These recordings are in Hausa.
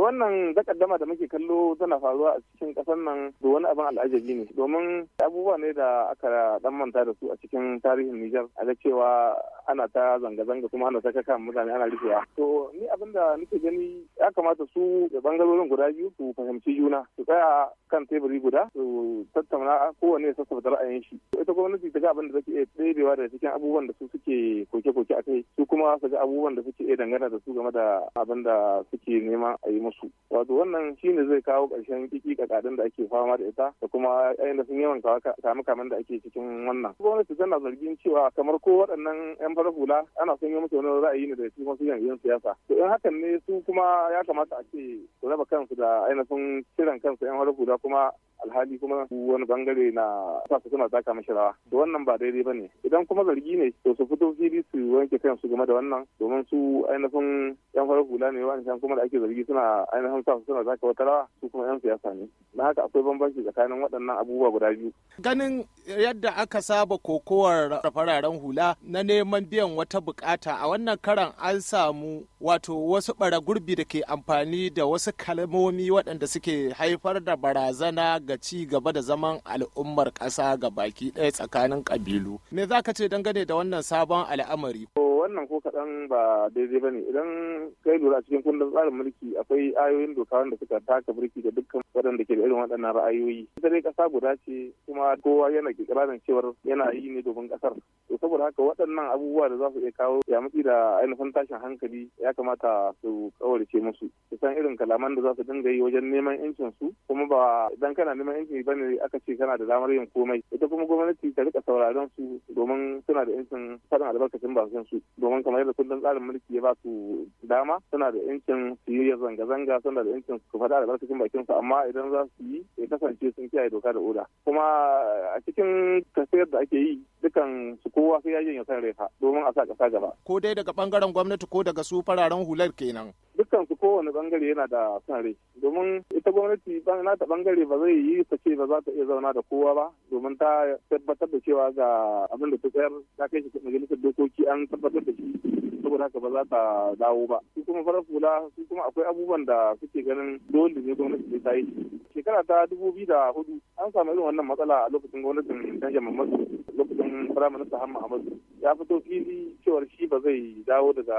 To wannan takaddama da muke kallo tana faruwa a cikin ƙasar nan da wani abin al'ajabi ne domin abubuwa ne da aka dan manta da su a cikin tarihin Nijar a ga cewa ana ta zanga-zanga kuma ana ta kaka mutane ana rufewa. To ni abin da nake gani ya kamata su da bangarorin guda biyu su fahimci juna su tsaya kan teburi guda su tattauna kowane ya sassauta ra'ayin shi ita gwamnati ta ga abin da take iya tserewa da cikin abubuwan da su suke koke-koke a kai su kuma su ga abubuwan da suke iya dangana da su game da abin da suke nema a yi musu wato wannan shine zai kawo ƙarshen kiki kakadin da ake fama da ita da kuma yayin da sun yawan kama kamen da ake cikin wannan gwamnati tana zargin cewa kamar ko waɗannan yan farar hula ana son yi musu wani ra'ayi ne da kuma su yanzu siyasa to in hakan ne su kuma ya kamata a ce su raba kansu da ainihin kiran kansu yan wani guda kuma alhali kuma wani bangare na sa suna taka mashi rawa da wannan ba daidai ba ne idan kuma zargi ne to su fito fili su wanke kansu game da wannan domin su ainihin yan farar hula ne wani shan kuma da ake zargi suna ainihin sa su suna taka wata rawa su kuma yan siyasa ne na haka akwai bambanci tsakanin waɗannan abubuwa guda biyu ganin yadda aka saba kokowar fararen hula na neman biyan wata bukata a wannan karan an samu wato wasu bara gurbi da ke amfani da wasu kalmomi waɗanda suke haifar da barazana ga ci gaba da zaman al'ummar ƙasa ga baki ɗaya tsakanin ƙabilu me za ka ce dangane da wannan sabon al'amari wannan ko kaɗan ba daidai ba ne idan kai lura a cikin kundin tsarin mulki akwai ayoyin doka wanda suka taka birki da dukkan waɗanda ke da irin waɗannan ra'ayoyi ita dai ƙasa guda ce kuma kowa yana kirarin cewar yana yi ne domin ƙasar to saboda haka waɗannan abubuwa da za su iya kawo ya mutu da ainihin tashin hankali ya kamata su kawarce musu kusan irin kalaman da za su dinga yi wajen neman yancin su kuma ba idan kana neman yancin ba ne aka ce kana da damar yin komai ita kuma gwamnati ta rika sauraron su domin suna da yancin faɗin albarkacin bakin su domin kamar yadda kullum tsarin mulki ya ba su dama suna da yancin su yi zanga-zanga suna da yancin su faɗa albarkacin bakin su amma idan za su yi ya kasance sun kiyaye doka da oda kuma a cikin tafiyar da ake yi dukan su kowa sai ya san rai domin a sa ƙasa gaba ko dai daga bangaren gwamnati ko daga su fararen hular kenan dukkansu su kowane bangare yana da son rai domin ita gwamnati na ta bangare ba zai yi ta ce ba za ta iya zauna da kowa ba domin ta tabbatar da cewa ga abin da ta tsayar ta kai shi majalisar dokoki an tabbatar da shi saboda haka ba za ta dawo ba su kuma farar hula su kuma akwai abubuwan da suke ganin dole ne gwamnati ta yi shekara ta dubu biyu da hudu an samu irin wannan matsala a lokacin gwamnatin tanjan mamadu lokacin firaminista hamma amadu ya fito fili cewar shi ba zai dawo daga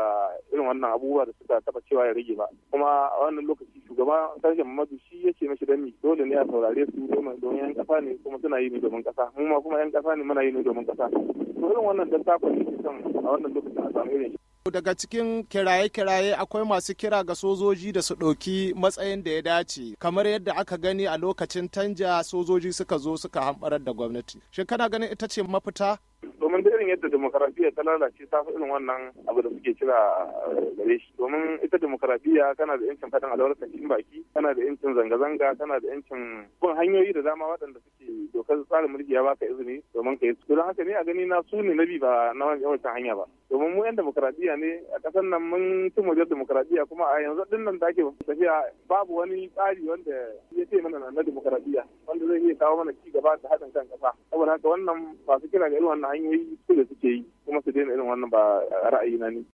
irin wannan abubuwa da suka taba cewa ya rage ba kuma a wannan lokaci shugaban sarkin mamadu shi yake ce mashi dami dole ne a saurare su domin don yan kasa ne kuma suna yi ne domin kasa mu ma kuma yan kasa ne muna yi ne domin kasa to irin wannan ta takon ke son a wannan lokaci a samu irin daga cikin kiraye-kiraye akwai masu kira ga sojoji da su ɗauki matsayin da ya dace kamar yadda aka gani a lokacin tanja sojoji suka zo suka hamɓarar da gwamnati shin kana ganin ita ce mafita domin irin yadda demokaradiyya ta lalace ta fi irin wannan abu da suke kira eh, gare shi domin ita demokaradiyya kana da yancin faɗin albarkacin cikin baki kana da yancin zanga-zanga kana da yancin bin hanyoyi da dama waɗanda suke dokar tsarin mulki ya baka izini domin ka yi su don haka ne a gani na su ne na bi ba na yawancin hanya ba domin mu yan demokaradiyya ne a ƙasar nan mun ci wajen demokaradiyya kuma a yanzu ɗin nan da ake tafiya babu wani tsari wanda ya ce mana na demokaradiyya wanda zai iya kawo mana ci gaba da haɗin kan ƙasa saboda haka wannan su kira ga irin wannan hanyoyi su da suke yi kuma su daina irin wannan ba ra'ayi na ne